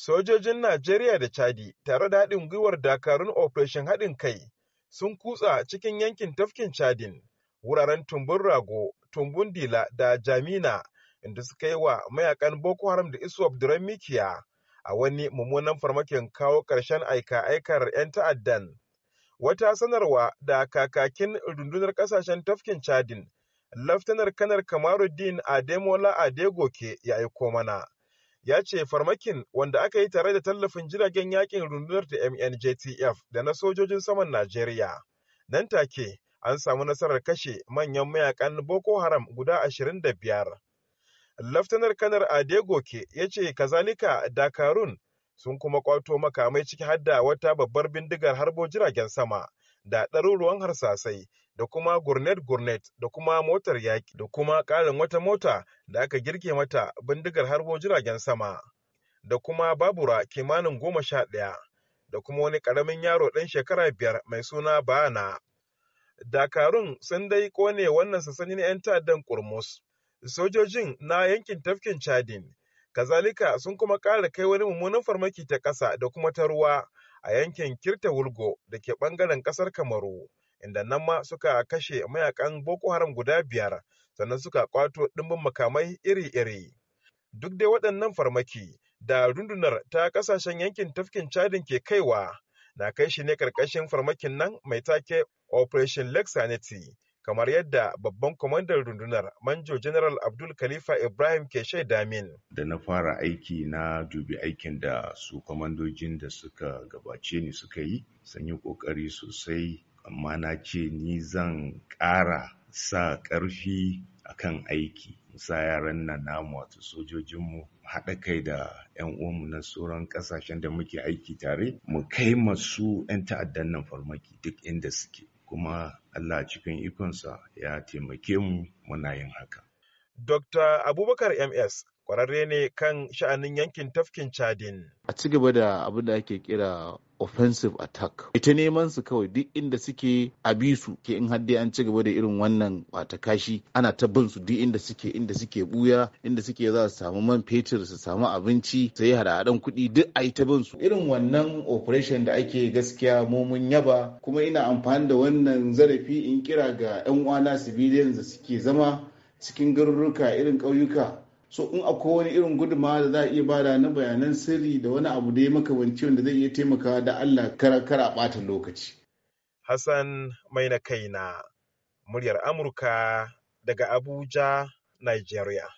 Sojojin Najeriya da Chadi tare da haɗin gwiwar dakarun Operation Haɗin Kai sun kutsa cikin yankin tafkin Chadin, wuraren Tumbun Rago, Tumbun Dila da Jamina inda suka yi wa mayakan Boko Haram da Iswap Duran Mikiya a wani mummunan farmakin kawo ƙarshen aika-aikar 'yan ta'addan. Wata sanarwa da kakakin rundunar ƙasashen tafkin Chadin, Laftanar Kanar Kamaruddin Ademola Adegoke ya aiko mana. ya ce farmakin wanda aka yi tare da tallafin jiragen yakin rundunar da MNJTF da na sojojin saman Najeriya. Nan take an samu nasarar kashe manyan mayakan Boko Haram guda 25. Laftanar Kanar Adegoke ya ce kazalika Dakarun sun kuma kwato makamai ciki hadda wata babbar bindigar harbo jiragen sama da ɗaruruwan harsasai da kuma gurnet gurnet da kuma motar yaƙi da kuma ƙarin wata mota da aka girke mata bindigar harbo jiragen sama da kuma babura kimanin goma sha ɗaya da kuma wani ƙaramin yaro ɗan shekara biyar mai suna bana. Dakarun sun dai kone wannan sansani na 'yan ta'addan kurmus. Sojojin na yankin tafkin Chadin, kazalika sun kuma ƙara kai wani mummunan farmaki ta ƙasa da kuma ta ruwa a yankin Kirta Wulgo da ke ɓangaren ƙasar Kamaru, inda nan ma suka kashe mayakan Boko Haram guda biyar sannan suka kwato ɗimbin makamai iri-iri. Duk dai waɗannan farmaki da rundunar ta ƙasashen yankin tafkin Chadin ke kaiwa na kai shi ne ƙarƙashin farmakin nan mai take Operation Lake Sanity kamar yadda babban kwamandan rundunar manjo general abdul khalifa ibrahim ke shaida min da na fara aiki na dubi aikin da su kwamandojin da suka gabace ni suka yi sun yi ƙoƙari sosai amma na ce ni zan ƙara sa ƙarfi kan aiki sa yaran nan namu wato sojojinmu haɗa kai da 'yan uwanmu na sauran ƙasashen da muke aiki tare mu kai masu 'yan ta'addan nan farmaki duk inda suke kuma Allah cikin ikonsa ya taimake mu muna yin haka. Dr. Abubakar MS kwararre ne kan sha'anin yankin tafkin Chadin. A ci gaba da abin da ake kira offensive attack ita neman su kawai duk inda suke a bisu ke in haddi an ci gaba da irin wannan wata kashi ana ta bin su duk inda suke inda suke buya inda suke za su samu man fetur su samu abinci sai hada-hadan kuɗi duk a ta bin su irin wannan operation da ake gaskiya mu yaba kuma ina amfani da wannan zarafi in kira ga 'yan uwana civilians da suke zama cikin garuruka irin ƙauyuka so in akwai wani irin guduma da za a iya bada na bayanan sirri da wani abu da ya makamanci wanda zai iya taimakawa da Allah karakara a bata lokaci Hassan mai na kaina muryar Amurka daga Abuja Nigeria